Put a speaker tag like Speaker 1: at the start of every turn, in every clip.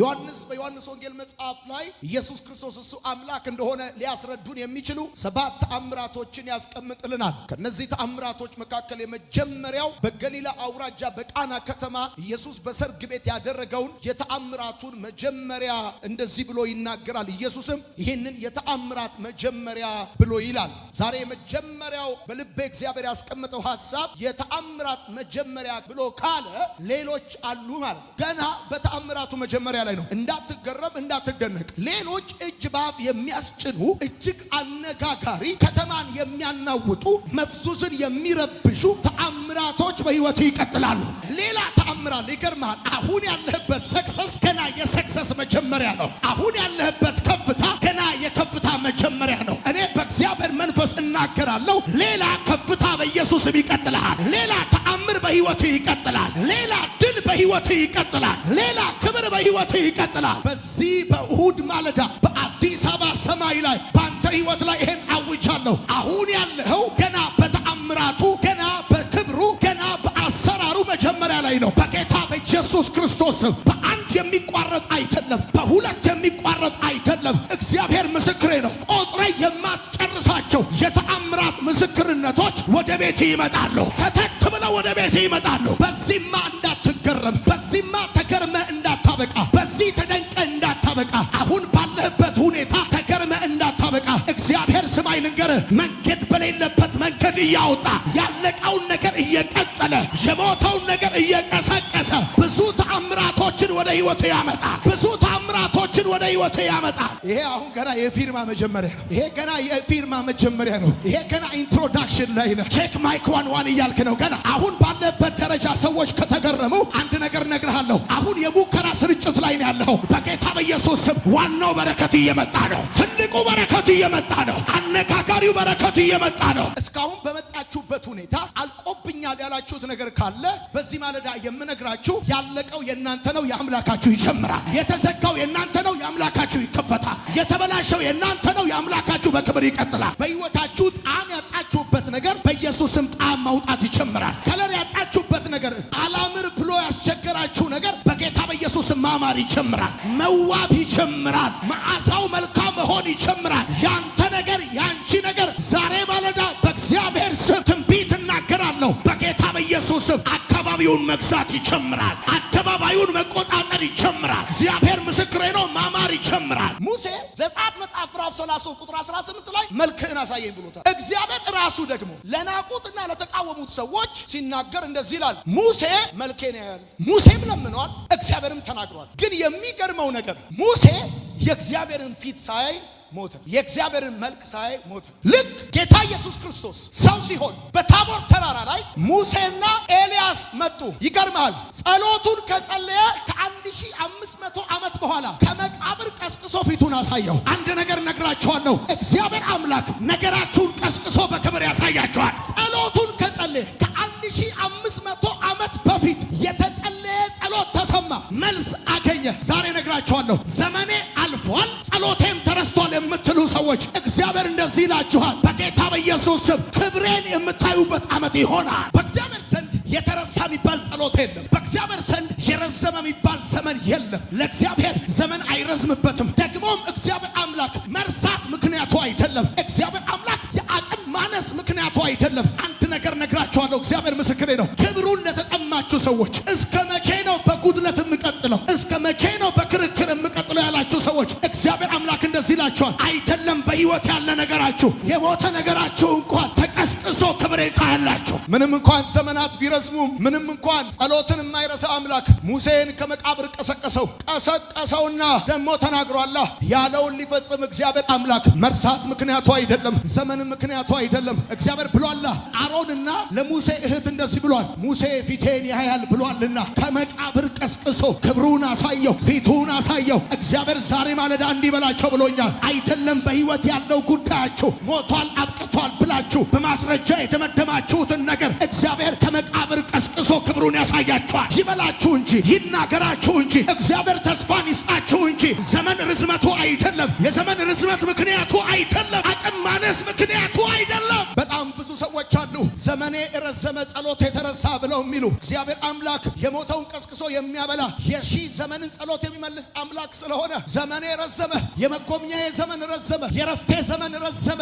Speaker 1: ዮሐንስ በዮሐንስ ወንጌል መጽሐፍ ላይ ኢየሱስ ክርስቶስ እሱ አምላክ እንደሆነ ሊያስረዱን የሚችሉ ሰባት ተአምራቶችን ያስቀምጥልናል። ከነዚህ ተአምራቶች መካከል የመጀመሪያው በገሊላ አውራጃ በቃና ከተማ ኢየሱስ በሰርግ ቤት ያደረገውን የተአምራቱን መጀመሪያ እንደዚህ ብሎ ይናገራል። ኢየሱስም ይህንን የተአምራት መጀመሪያ ብሎ ይላል። ዛሬ የመጀመሪያው በልቤ እግዚአብሔር ያስቀምጠው ሐሳብ የተአምራት መጀመሪያ ብሎ ካለ ሌሎች አሉ ማለት ነው። ገና በተአምራቱ መጀመሪያ ላይ ነው። እንዳትገረም እንዳትደነቅ። ሌሎች እጅ በአፍ የሚያስጭኑ እጅግ አነጋጋሪ ከተማን የሚያናውጡ መፍዙዝን የሚረብሹ ተአምራቶች በህይወት ይቀጥላሉ። ሌላ ተአምራል ይገርመሃል። አሁን ያለህበት ሰክሰስ ገና የሰክሰስ መጀመሪያ ነው። አሁን ያለህበት ከፍታ ገና የከፍታ መጀመሪያ ነው። እኔ በእግዚአብሔር መንፈስ እናገራለሁ ሌላ በኢየሱስ ስም ይቀጥልሃል። ሌላ ተአምር በህይወት ይቀጥላል። ሌላ ድል በህይወት ይቀጥላል። ሌላ ክብር በህይወት ይቀጥላል። በዚህ በእሁድ ማለዳ በአዲስ አበባ ሰማይ ላይ በአንተ ህይወት ላይ ይሄን አውጃለሁ። አሁን ያለኸው ገና በተአምራቱ ገና በክብሩ ገና በአሰራሩ መጀመሪያ ላይ ነው። በጌታ በኢየሱስ ክርስቶስ በአንድ የሚቋረጥ አይደለም፣ በሁለት የሚቋረጥ አይደለም። እግዚአብሔር ምስ ይመጣሉ። ሰተት ብለው ወደ ቤት ይመጣሉ። በዚህማ እንዳትገረም፣ በዚህማ ተገርመ እንዳታበቃ፣ በዚህ ተደንቀ እንዳታበቃ፣ አሁን ባለህበት ሁኔታ ተገርመ እንዳታበቃ። እግዚአብሔር ስማይ ልንገር፣ መንገድ በሌለበት መንገድ እያወጣ ያለቀውን ነገር እየቀጠለ የሞተውን ነገር እየቀሰቀሰ ብዙ ተአምራቶችን ወደ ህይወት ያመጣል ብዙ ሰዎችን ወደ ህይወቴ ያመጣል። ይሄ አሁን ገና የፊርማ መጀመሪያ ነው። ይሄ ገና የፊርማ መጀመሪያ ነው። ይሄ ገና ኢንትሮዳክሽን ላይ ነው። ቼክ ማይክ ዋን ዋን እያልክ ነው ገና። አሁን ባለበት ደረጃ ሰዎች ከተገረሙ አንድ ነገር ነግርሃለሁ። አሁን የሙከራ ስርጭት ላይ ነው ያለው። በጌታ በኢየሱስ ስም ዋናው በረከት እየመጣ ነው። ትልቁ በረከት እየመጣ ነው። አነጋጋሪው በረከት እየመጣ ነው። እስካሁን በመ ያላችሁበት ሁኔታ አልቆብኛል ያላችሁት ነገር ካለ በዚህ ማለዳ የምነግራችሁ ያለቀው የእናንተ ነው፣ የአምላካችሁ ይጀምራል። የተዘጋው የእናንተ ነው፣ የአምላካችሁ ይከፈታል። የተበላሸው የእናንተ ነው፣ የአምላካችሁ በክብር ይቀጥላል። በሕይወታችሁ ጣዕም ያጣችሁበት ነገር በኢየሱስም ጣዕም ማውጣት ይጀምራል። ከለር ያጣችሁበት ነገር፣ አላምር ብሎ ያስቸገራችሁ ነገር በጌታ በኢየሱስም ማማር ይጀምራል። መዋብ ይጀምራል። መዓዛው መልካ አካባቢውን መግዛት ይጀምራል። አደባባዩን መቆጣጠር ይጀምራል። እግዚአብሔር ምስክሬ ነው፣ ማማር ይጀምራል። ሙሴ ዘጸአት መጽሐፍ ምዕራፍ 30 ቁጥር 18 ላይ መልክህን አሳየኝ ብሎታል። እግዚአብሔር ራሱ ደግሞ ለናቁትና ለተቃወሙት ሰዎች ሲናገር እንደዚህ ይላል፣ ሙሴ መልኬን ያያል። ሙሴም ለምነዋል፣ እግዚአብሔርም ተናግሯል። ግን የሚገርመው ነገር ሙሴ የእግዚአብሔርን ፊት ሳያይ ሞተ። የእግዚአብሔርን መልክ ሳይ ሞተ። ልክ ጌታ ኢየሱስ ክርስቶስ ሰው ሲሆን በታቦር ተራራ ላይ ሙሴና ኤልያስ መጡ። ይገርማል። ጸሎቱን ከጸለየ ከአንድ ሺህ አምስት መቶ ዓመት በኋላ ከመቃብር ቀስቅሶ ፊቱን አሳየው። አንድ ነገር ነግራችኋለሁ። እግዚአብሔር አምላክ ነገራችሁን ቀስቅሶ በክብር ያሳያችኋል። ጸሎቱን ከጸለየ ከአንድ ሺህ አምስት መቶ ዓመት በፊት የተጸለየ ጸሎት ተሰማ፣ መልስ አገኘ። ዛሬ ነግራችኋለሁ ዘመኔ ይሆናል የምትሉ ሰዎች እግዚአብሔር እንደዚህ ይላችኋል፣ በጌታ በኢየሱስ ስም ክብሬን የምታዩበት ዓመት ይሆናል። በእግዚአብሔር ዘንድ የተረሳ የሚባል ጸሎት የለም። በእግዚአብሔር ዘንድ የረዘመ የሚባል ዘመን የለም። ለእግዚአብሔር ዘመን አይረዝምበትም። ደግሞም እግዚአብሔር አምላክ መርሳት ምክንያቱ አይደለም። እግዚአብሔር አምላክ የአቅም ማነስ ምክንያቱ አይደለም። አንድ ነገር ነግራችኋለሁ። እግዚአብሔር ምስክሬ ነው። ክብሩን ለተጠማችሁ ሰዎች እስከ እንደዚህ ይላቸዋል፣ አይደለም በሕይወት ያለ ነገራችሁ የሞተ ነገራችሁ እንኳን ቀስቅሶ ክብሬታ ይጣላችሁ። ምንም እንኳን ዘመናት ቢረዝሙም፣ ምንም እንኳን ጸሎትን የማይረሳ አምላክ ሙሴን ከመቃብር ቀሰቀሰው ቀሰቀሰውና ደግሞ ተናግሯላ ያለውን ሊፈጽም እግዚአብሔር አምላክ መርሳት ምክንያቱ አይደለም፣ ዘመን ምክንያቱ አይደለም። እግዚአብሔር ብሏላ አሮንና ለሙሴ እህት እንደዚህ ብሏል፣ ሙሴ ፊቴን ያያል ብሏልና ከመቃብር ቀስቅሶ ክብሩን አሳየው፣ ፊቱን አሳየው። እግዚአብሔር ዛሬ ማለዳ እንዲበላቸው ብሎኛል። አይደለም በህይወት ያለው ጉዳያችሁ ሞቷል፣ አብቅቷል ተነስቷል ብላችሁ በማስረጃ የደመደማችሁትን ነገር እግዚአብሔር ከመቃብር ቀስቅሶ ክብሩን ያሳያችኋል። ይበላችሁ እንጂ ይናገራችሁ እንጂ እግዚአብሔር ተስፋን ይስጣችሁ እንጂ ዘመን ርዝመቱ አይደለም። የዘመን ርዝመት ምክንያቱ አይደለም። አቅም ማነስ ምክንያቱ አይደለም። ሰዎች አሉ ዘመኔ የረዘመ ጸሎት የተረሳ ብለው የሚሉ እግዚአብሔር አምላክ የሞተውን ቀስቅሶ የሚያበላ የሺ ዘመንን ጸሎት የሚመልስ አምላክ ስለሆነ ዘመኔ ረዘመ፣ የመጎብኛዬ ዘመን ረዘመ፣ የረፍቴ ዘመን ረዘመ፣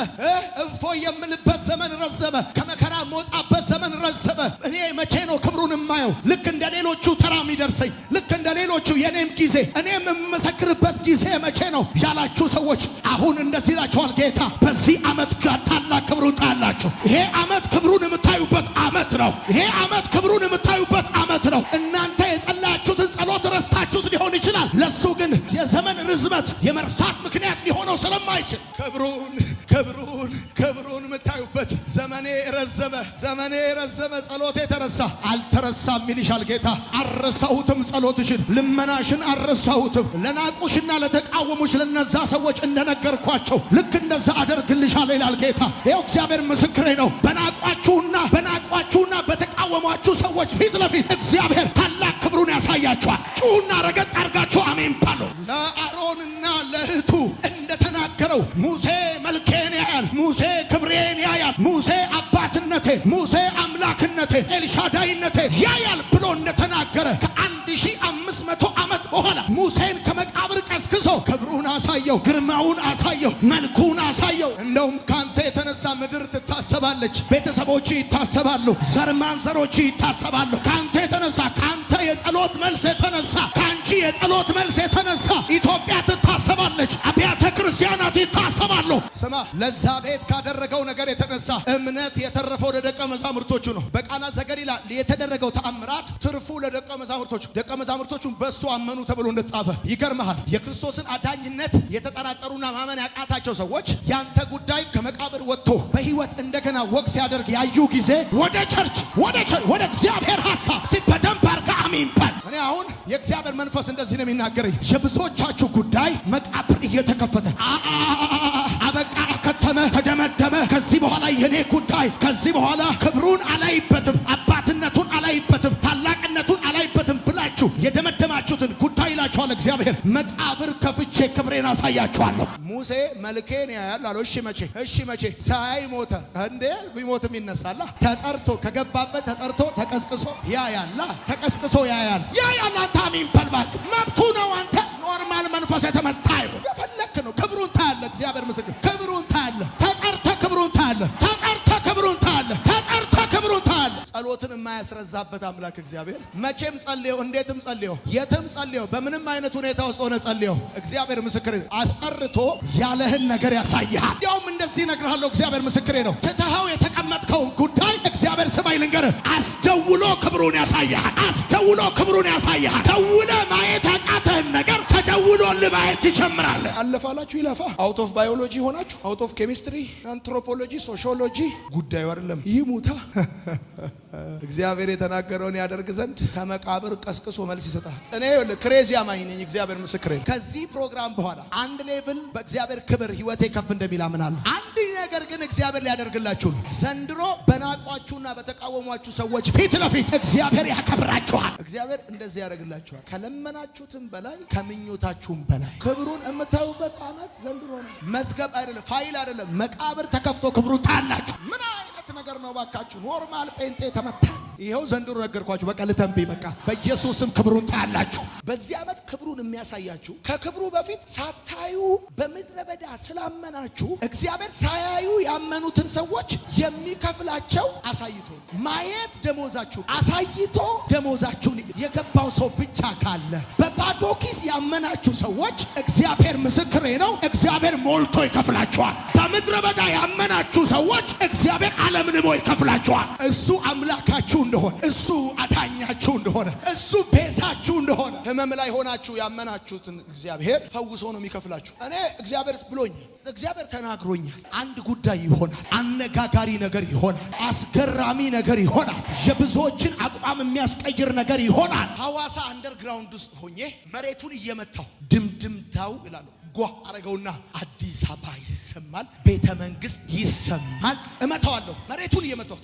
Speaker 1: እፎ የምልበት ዘመን ረዘመ፣ ከመከራ መውጣበት ዘመን ረዘመ። እኔ መቼ ነው ክብሩን የማየው? ልክ እንደ ሌሎቹ ተራ የሚደርሰኝ ልክ እንደ ሌሎቹ የእኔም ጊዜ እኔም የምመሰክርበት ጊዜ መቼ ነው ያላችሁ ሰዎች አሁን እንደዚህ ይላችኋል ጌታ በዚህ ዓመት ታላቅ ክብሩን ታያላችሁ። ይሄ ዓመት ክብሩን የምታዩበት ዓመት ነው። ይሄ ዓመት ክብሩን የምታዩበት ዓመት ነው። እናንተ የጸላችሁትን ጸሎት ረስታችሁት ሊሆን ይችላል። ለሱ ግን የዘመን ርዝመት የመርሳት ምክንያት ሊሆነው ስለማይችል ክብሩን ክብሩን ክብሩን ስትሄድ ዘመኔ ረዘመ፣ ዘመኔ ረዘመ፣ ጸሎቴ ተረሳ። አልተረሳም ይልሻል ጌታ። አረሳሁትም ጸሎትሽን፣ ልመናሽን አረሳሁትም። ለናቁሽና ለተቃወሙሽ ለነዛ ሰዎች እንደነገርኳቸው ልክ እንደዛ አደርግልሻል ይላል ጌታ። ይኸው እግዚአብሔር ምስክሬ ነው። በናቋችሁና በናቋችሁና በተቃወሟችሁ ሰዎች ፊት ለፊት እግዚአብሔር ታላቅ ክብሩን ያሳያችኋል። ጩሁና ረገጥ አድርጋችሁ አሜን ባሉ ለአሮንና ለእህቱ እንደተናገረው ሙሴ መልኬን ያያል ሙሴ ሙሴ አባትነቴ፣ ሙሴ አምላክነቴ፣ ኤልሻዳይነቴ ያያል ብሎ እንደተናገረ ከአንድ ሺህ አምስት መቶ ዓመት በኋላ ሙሴን ከመቃብር ቀስቅሶ ክብሩን አሳየው፣ ግርማውን አሳየው፣ መልኩን አሳየው። እንደውም ከአንተ የተነሳ ምድር ትታሰባለች፣ ቤተሰቦች ይታሰባሉ፣ ዘር ማንዘሮች ይታሰባሉ። ከአንተ የተነሳ ከአንተ የጸሎት መልስ የተነሳ ከአንቺ የጸሎት መልስ የተነሳ ኢትዮጵያ ትታሰባለች። ይታሰባሉ። ስማ፣ ለዛ ቤት ካደረገው ነገር የተነሳ እምነት የተረፈው ለደቀ መዛሙርቶቹ ነው። በቃና ዘገሊላ የተደረገው ተአምራት ትርፉ ለደቀ መዛሙርቶቹ፣ ደቀ መዛሙርቶቹም በእሱ አመኑ ተብሎ እንደተጻፈ ይገርመሃል። የክርስቶስን አዳኝነት የተጠራጠሩና ማመን ያቃታቸው ሰዎች ያንተ ጉዳይ ከመቃብር ወጥቶ በህይወት እንደገና ወቅ ሲያደርግ ያዩ ጊዜ ወደ ቸርች ወደ እግዚአብሔር ሀሳብ ሲበደንብ አርጋ አሚንበል እኔ አሁን የእግዚአብሔር መንፈስ እንደዚህ ነው የሚናገረኝ፣ የብዙዎቻችሁ ጉዳይ መቃብር እየተከፈተ አበቃ፣ ከተመ፣ ተደመደመ። ከዚህ በኋላ የኔ ጉዳይ ከዚህ በኋላ ክብር ይላቸዋል እግዚአብሔር። መቃብር ከፍቼ ክብሬን አሳያቸዋለሁ። ሙሴ መልኬን ያያል አለው። እሺ መቼ እሺ መቼ ሳያይ ሞተ እንዴ? ቢሞትም ይነሳላ። ተጠርቶ ከገባበት ተጠርቶ ተቀስቅሶ ያያላ ተቀስቅሶ ያያል ያያል። አንተ አሚን በልባክ መብቱ ነው። አንተ ኖርማል መንፈስ የተመታ ይሁን የፈለክ ነው። ክብሩን ታያለ። እግዚአብሔር ምስክር ክብሩን ታያለ። ተጠርተ ክብሩን ታያለ። ጸሎትን የማያስረዛበት አምላክ እግዚአብሔር መቼም ጸልየው እንዴትም ጸልየው የትም ጸልየው በምንም አይነት ሁኔታ ውስጥ ሆነ ጸልየው እግዚአብሔር ምስክር አስጠርቶ ያለህን ነገር ያሳይሃል። እንዲያውም እንደዚህ እነግርሃለሁ፣ እግዚአብሔር ምስክሬ ነው። ትተኸው የተቀመጥከውን ጉዳይ እግዚአብሔር ስማኝ ልንገርህ፣ አስደውሎ ክብሩን ያሳይሃል። አስደውሎ ክብሩን ያሳይሃል። ደውለ ማየት ያቃተህን ነገር ተደውሎል ማየት ትጀምራለህ። አለፋላችሁ ይለፋ አውት ኦፍ ባዮሎጂ ሆናችሁ አውት ኦፍ ኬሚስትሪ፣ አንትሮፖሎጂ፣ ሶሺዮሎጂ ጉዳዩ አይደለም። ይህ ሙታ እግዚአብሔር የተናገረውን ያደርግ ዘንድ ከመቃብር ቀስቅሶ መልስ ይሰጣል። እኔ ክሬዚ አማኝ ነኝ። እግዚአብሔር ምስክሬ። ከዚህ ፕሮግራም በኋላ አንድ ሌቭል በእግዚአብሔር ክብር ህይወቴ ከፍ እንደሚል አምናለሁ። ነገር ግን እግዚአብሔር ሊያደርግላችሁ ነው። ዘንድሮ በናቋችሁና በተቃወሟችሁ ሰዎች ፊት ለፊት እግዚአብሔር ያከብራችኋል። እግዚአብሔር እንደዚህ ያደርግላችኋል፣ ከለመናችሁትም በላይ ከምኞታችሁም በላይ ክብሩን የምታዩበት ዓመት ዘንድሮ ነው። መዝገብ አይደለም፣ ፋይል አይደለም፣ መቃብር ተከፍቶ ክብሩን ታያላችሁ። ምን አይነት ነገር ነው ባካችሁ? ኖርማል ጴንጤ ተመታ ይኸው ዘንድሮ ነገርኳችሁ። በቃ ልተንቤ በቃ በኢየሱስም ክብሩን ታያላችሁ። በዚህ ዓመት ክብሩን የሚያሳያችሁ ከክብሩ በፊት ሳታዩ በምድረ በዳ ስላመናችሁ እግዚአብሔር ሳያዩ ያመኑትን ሰዎች የሚከፍላቸው አሳይቶ ማየት ደሞዛችሁ አሳይቶ ደሞዛችሁን የገባው ሰው ብቻ ካለ በባዶ ኪስ ያመናችሁ ሰዎች እግዚአብሔር ምስክሬ ነው። እግዚአብሔር ሞልቶ ይከፍላችኋል። በምድረ በዳ ያመናችሁ ሰዎች እግዚአብሔር ዓለምንሞ ይከፍላችኋል። እሱ አምላካችሁ እንደሆነ፣ እሱ አዳኛችሁ እንደሆነ፣ እሱ ቤዛችሁ እንደሆነ ህመም ላይ ሆናችሁ ያመናችሁትን እግዚአብሔር ፈውሶ ነው የሚከፍላችሁ። እኔ እግዚአብሔር ብሎኛል። እግዚአብሔር ተናግሮኛል። አንድ ጉዳይ ይሆናል። አነጋጋሪ ነገር ይሆናል። አስገራሚ ነገር ነገር ይሆናል። የብዙዎችን አቋም የሚያስቀይር ነገር ይሆናል። ሐዋሳ አንደርግራውንድ ውስጥ ሆኜ መሬቱን እየመታው ድምድምታው ይላሉ ጓ አረገውና አዲስ አበባ ይሰማል፣ ቤተ መንግስት ይሰማል። እመታዋለሁ መሬቱን እየመታው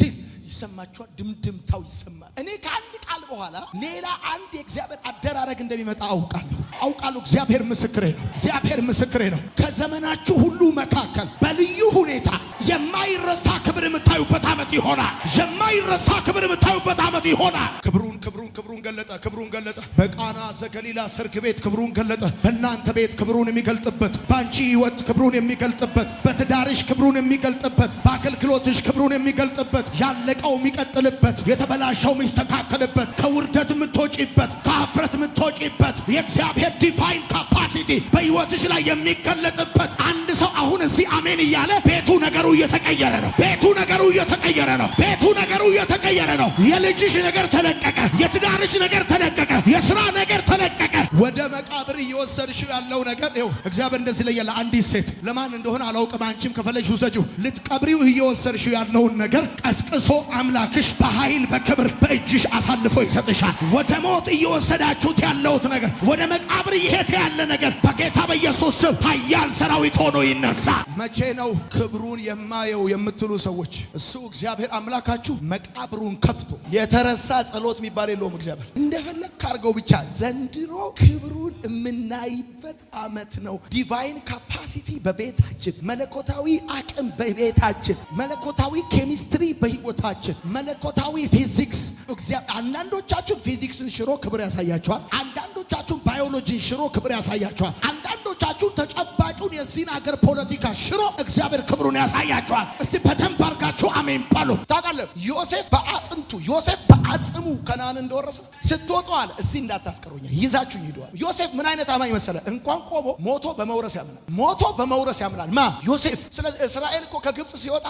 Speaker 1: ሲል ይሰማችኋል፣ ድምድምታው ይሰማል። እኔ ከአንድ ቃል በኋላ ሌላ አንድ የእግዚአብሔር አደራረግ እንደሚመጣ አውቃለሁ አውቃለሁ። እግዚአብሔር ምስክሬ ነው። እግዚአብሔር ምስክሬ ነው። ከዘመናችሁ ሁሉ መካከል በልዩ ሁኔታ የማይረሳ ክብር የምታዩበት ዓመት ይሆናል። የማይረሳ ክብር የምታዩበት ዓመት ይሆናል። ክብሩን ክብሩን ክብሩን ገለጠ። ክብሩን ገለጠ። በቃና ዘገሊላ ሰርግ ቤት ክብሩን ገለጠ። በእናንተ ቤት ክብሩን የሚገልጥበት፣ በአንቺ ህይወት ክብሩን የሚገልጥበት፣ በትዳርሽ ክብሩን የሚገልጥበት፣ በአገልግሎትሽ ክብሩን የሚገልጥበት፣ ያለቀው የሚቀጥልበት፣ የተበላሸው የሚስተካከልበት፣ ከውርደት የምትወጪበት፣ ከአፍረት የምትወጪበት የእግዚአብሔር ዲቫይን ካፓሲቲ በህይወትሽ ላይ የሚገለጥበት አንድ ሰው አሁን እዚህ አሜን እያለ ቤቱ ነገሩ እየተቀየረ ነው። ቤቱ ነገሩ እየተቀየረ ነው። ቤቱ ነገሩ እየተቀየረ ነው። የልጅሽ ነገር ተለቀቀ። የትዳርሽ ነገር ተለቀቀ። የስራ ነገር ተለቀቀ። ወደ መቃብር እየወሰድሽው ያለው ነገር ይኸው። እግዚአብሔር እንደዚህ ይለያል። አንዲት ሴት ለማን እንደሆነ አላውቅም፣ አንቺም ከፈለግሽ ውሰጂው። ልትቀብሪው እየወሰድሽው ያለውን ነገር ቀስቅሶ አምላክሽ በኃይል በክብር በእጅሽ አሳልፎ ይሰጥሻል። ወደ ሞት እየወሰዳችሁት ያለውት ነገር፣ ወደ መቃብር ይሄድ ያለ ነገር በጌታ በኢየሱስ ስም ኃያል ሰራዊት ሆኖ ይነሳ። መቼ ነው ክብሩን የማየው የምትሉ ሰዎች እሱ እግዚአብሔር አምላካችሁ መቃብሩን ከፍቶ የተረሳ ጸሎት የሚባል የለውም። እግዚአብሔር እንደፈለግ ካርገው ብቻ ዘንድ ዘንድሮ ክብሩን የምናይበት ዓመት ነው። ዲቫይን ካፓሲቲ በቤታችን መለኮታዊ አቅም በቤታችን መለኮታዊ ኬሚስትሪ በህይወታችን መለኮታዊ ፊዚክስ አንዳንዶቻችሁ ፊዚክስን ሽሮ ክብር ያሳያችኋል። አንዳንዶቻችሁን ባዮሎጂን ሽሮ ክብር ያሳያችኋል። አንዳንዶቻችሁን ተጨባጩን የዚህን ሀገር ፖለቲካ ሽሮ እግዚአብሔር ክብሩን ያሳያችኋል። እስቲ በደንብ አሜን ባሉ ታውቃለህ ዮሴፍ በአጥን ስትወጡ ዮሴፍ በአጽሙ ከነዓን እንደወረሰ ስትወጡ አለ እዚህ እንዳታስቀሩኛ ይዛችሁ ሂደዋል። ዮሴፍ ምን አይነት አማኝ መሰለ እንኳን ቆሞ ሞቶ በመውረስ ያምናል። ሞቶ በመውረስ ያምናል ማ ዮሴፍ። ስለዚህ እስራኤል እኮ ከግብፅ ሲወጣ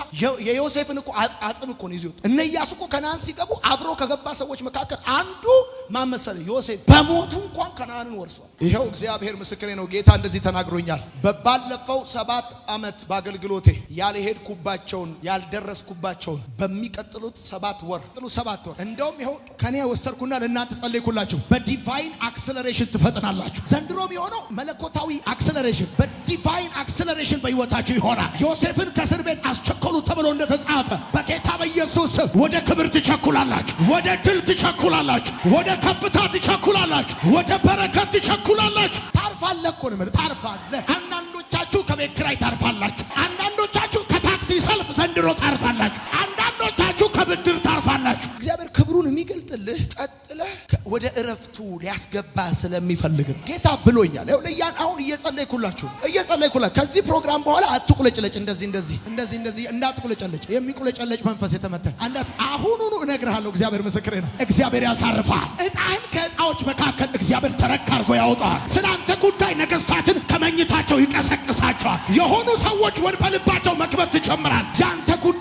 Speaker 1: የዮሴፍን እኮ አጽም እኮ ነው ይዞ ይወጡ። እነ ኢያሱ እኮ ከነዓን ሲገቡ አብሮ ከገባ ሰዎች መካከል አንዱ ማን መሰለ ዮሴፍ። በሞቱ እንኳን ከነዓንን ወርሷል። ይኸው እግዚአብሔር ምስክሬ ነው። ጌታ እንደዚህ ተናግሮኛል። በባለፈው ሰባት ዓመት ባገልግሎቴ ያልሄድኩባቸውን ያልደረስኩባቸውን በሚቀጥሉት ሰባት ወር ሰባት ወር እንደውም ይኸው ከኔ ወሰድኩና ለእናንተ ጸለይኩላችሁ። በዲቫይን አክሰለሬሽን ትፈጥናላችሁ። ዘንድሮም የሆነው መለኮታዊ አክሰለሬሽን በዲቫይን አክሰለሬሽን በህይወታችሁ ይሆናል። ዮሴፍን ከእስር ቤት አስቸኮሉ ተብሎ እንደተጻፈ በጌታ በኢየሱስ ወደ ክብር ትቸኩላላችሁ፣ ወደ ድል ትቸኩላላችሁ፣ ወደ ከፍታ ትቸኩላላችሁ፣ ወደ በረከት ትቸኩላላችሁ። ታርፋለህ እኮ ነው ታርፋለህ። አንዳንዶቻችሁ ከቤት ኪራይ ታርፋላችሁ። አንዳንዶቻችሁ ከታክሲ ሰልፍ ዘንድሮ ታርፋ ሊያስገባ ስለሚፈልግ ነው። ጌታ ብሎኛል። ይኸው ለያን አሁን እየጸለይኩላችሁ እየጸለይኩላችሁ ከዚህ ፕሮግራም በኋላ አትቁለጭለጭ። እንደዚህ እንደዚህ እንደዚህ እንደዚህ እንዳትቁለጨለጭ። የሚቁለጨለጭ መንፈስ የተመታ አንዳት አሁኑኑ እነግርሃለሁ። እግዚአብሔር ምስክሬ ነው። እግዚአብሔር ያሳርፋል። እጣህን ከእጣዎች መካከል እግዚአብሔር ተረክ አድርጎ ያወጣዋል። ስለ ጉዳይ ነገስታትን ከመኝታቸው ይቀሰቅሳቸዋል። የሆኑ ሰዎች ወን በልባቸው መክበብ ትጀምራል። ያንተ ጉዳይ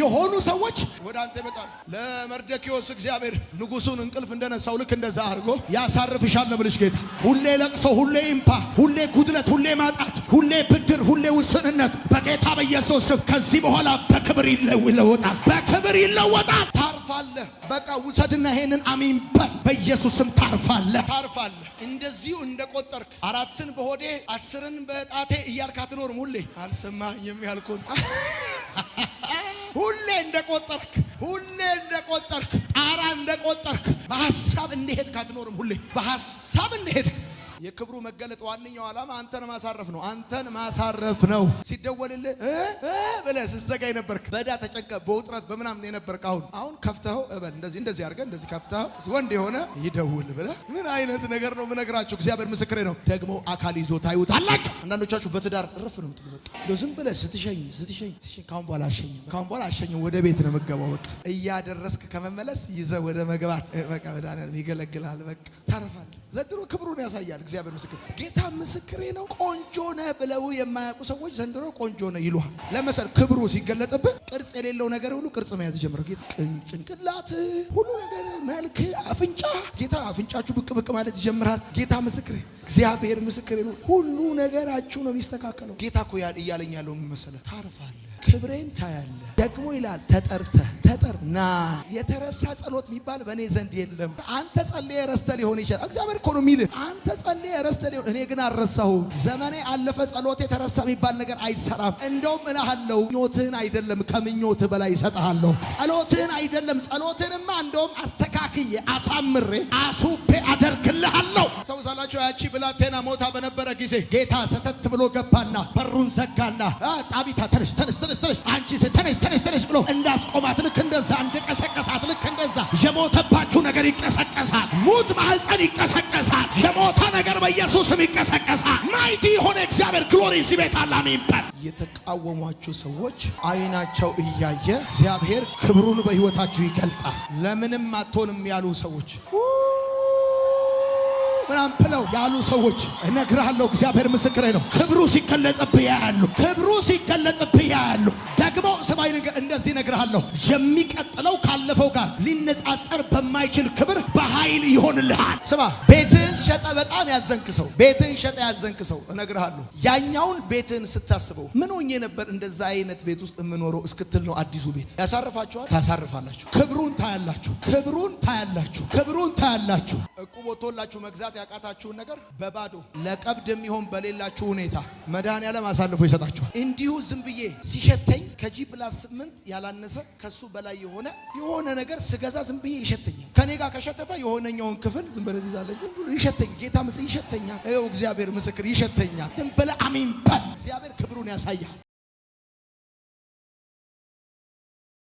Speaker 1: የሆኑ ሰዎች ወደ አንተ ይመጣሉ። ለመርደኪዎስ እግዚአብሔር ንጉሱን እንቅልፍ እንደነሳው ልክ እንደዛ አድርጎ ያሳርፍሻል ነው ብልሽ ጌታ። ሁሌ ለቅሶ፣ ሁሌ ኢምፓ ሁሌ ጉድለት፣ ሁሌ ማጣት፣ ሁሌ ብድር፣ ሁሌ ውስንነት በጌታ በኢየሱስ ስም ከዚህ በኋላ በክብር ይለወጣል፣ በክብር ይለወጣል። ታርፋለህ። በቃ ውሰድና ይሄንን አሚን በል። በኢየሱስ ስም ታርፋለህ፣ ታርፋለህ። እንደዚሁ እንደቆጠርክ አራትን በሆዴ አስርን በጣቴ እያልክ አትኖርም። ሁሌ አልሰማኝም ያልኩን ሁሌ እንደቆጠርክ ሁሌ እንደቆጠርክ ጣራ እንደቆጠርክ በሀሳብ እንደሄድክ አትኖርም። ሁሌ በሀሳብ እንደሄድክ የክብሩ መገለጥ ዋነኛው ዓላማ አንተን ማሳረፍ ነው። አንተን ማሳረፍ ነው። ሲደወልልህ ብለህ ስትዘጋይ ነበርክ። በዳ ተጨንቀ በውጥረት በምናምን የነበርክ አሁን አሁን ከፍተኸው እበል እንደዚህ እንደዚህ አድርገህ እንደዚህ ከፍተኸው ወንድ የሆነ ይደውል ብለህ ምን አይነት ነገር ነው የምነግራችሁ? እግዚአብሔር ምስክሬ ነው። ደግሞ አካል ይዞ ታዩት አላችሁ። አንዳንዶቻችሁ በትዳር ርፍ ነው ትሉት በቃ ዝም ብለህ ስትሸኝ ስትሸኝ ስትሸኝ ካሁን በኋላ አሸኝ ካሁን በኋላ አሸኝ ወደ ቤት ነው የምገባው በቃ እያደረስክ ከመመለስ ይዘህ ወደ መግባት በቃ መድኃኒዓለም ይገለግልሃል። በቃ ታረፋለህ። ዘንድሮ ክብሩን ያሳያል። እግዚአብሔር ምስክር፣ ጌታ ምስክሬ ነው። ቆንጆ ነህ ብለው የማያውቁ ሰዎች ዘንድሮ ቆንጆ ነህ ይሉሃል። ለመሰል ክብሩ ሲገለጥብህ ቅርጽ የሌለው ነገር ሁሉ ቅርጽ መያዝ ጀምረ። ጌታ ጭንቅላት፣ ሁሉ ነገር፣ መልክ፣ አፍንጫ፣ ጌታ አፍንጫችሁ ብቅ ብቅ ማለት ይጀምራል። ጌታ ምስክሬ፣ እግዚአብሔር ምስክሬ ነው። ሁሉ ነገራችሁ ነው የሚስተካከለው። ጌታ እኮ እያለኝ ያለው መሰለ ታርፋለህ ክብሬን ታያለ። ደግሞ ይላል ተጠርተህ ተጠር ና። የተረሳ ጸሎት የሚባል በእኔ ዘንድ የለም። አንተ ጸልየ ረስተ ሊሆን ይችላል። እግዚአብሔር እኮ ነው የሚልህ። አንተ ጸልየ ረስተ ሊሆን እኔ ግን አልረሳሁ። ዘመኔ አለፈ፣ ጸሎቴ ተረሳ የሚባል ነገር አይሰራም። እንደውም እልሃለሁ ምኞትህን አይደለም ከምኞትህ በላይ ይሰጥሃለሁ። ጸሎትህን አይደለም ጸሎትህንማ እንደውም አስተካክዬ አሳምሬ አሱፔ አደርግልሃለሁ። ሰው ሳላቸው ያቺ ብላቴና ሞታ በነበረ ጊዜ ጌታ ሰተት ብሎ ገባና በሩን ዘጋና ጣቢታ ተነሽ ተነሽ ተነሽ ተነሽ አንቺ ተነሽ ተነሽ ተነሽ ብሎ እንዳስቆማት ልክ እንደዛ እንደቀሰቀሳት ልክ እንደዛ የሞተባችሁ ነገር ይቀሰቀሳል። ሙት ማህፀን ይቀሰቀሳል። የሞተ ነገር በኢየሱስም ይቀሰቀሳል። ማይቲ የሆነ እግዚአብሔር ግሎሪ እዚህ ቤት አለ። አሜን የተቃወሟችሁ ሰዎች አይናቸው እያየ እግዚአብሔር ክብሩን በህይወታችሁ ይገልጣል። ለምንም አትሆንም ያሉ ሰዎች ምናምን ብለው ያሉ ሰዎች እነግርሃለሁ፣ እግዚአብሔር ምስክሬ ነው። ክብሩ ሲገለጥብህ ያያሉ። ክብሩ ሲገለጥብህ ያያሉ። ደግሞ ሰማይ ነገር እንደዚህ ነግርሃለሁ፣ የሚቀጥለው ካለፈው ጋር ሊነጻጸር በማይችል ክብር በኃይል ይሆንልሃል። ስማ፣ ቤትህን ሸጠ በጣም ያዘንክ ሰው፣ ቤትህን ሸጠ ያዘንክ ሰው እነግርሃለሁ፣ ያኛውን ቤትህን ስታስበው ምን ሆኜ ነበር እንደዛ አይነት ቤት ውስጥ የምኖረው እስክትል ነው። አዲሱ ቤት ያሳርፋችኋል፣ ታሳርፋላችሁ፣ ክብሩን ታያላችሁ፣ ክብሩን ታያላችሁ፣ ክብሩን ታያላችሁ። እቁብ ወጥቶላችሁ መግዛት ያቃታችሁን ነገር በባዶ ለቀብድ የሚሆን በሌላችሁ ሁኔታ መድኃኔዓለም አሳልፎ ይሰጣችኋል። እንዲሁ ዝም ብዬ ሲሸተኝ ከጂ ፕላስ ስምንት ያላነሰ ከሱ በላይ የሆነ የሆነ ነገር ስገዛ ዝም ብዬ ይሸተኛል። ከኔ ጋር ከሸተተ የሆነኛውን ክፍል ዝም ብለህ ትይዛለህ። ሁሉ ብሎ ይሸተኛል። ጌታ ምስ ይሸተኛል። ይኸው እግዚአብሔር ምስክር ይሸተኛል። ዝም ብለህ አሚን በል። እግዚአብሔር ክብሩን ያሳያል።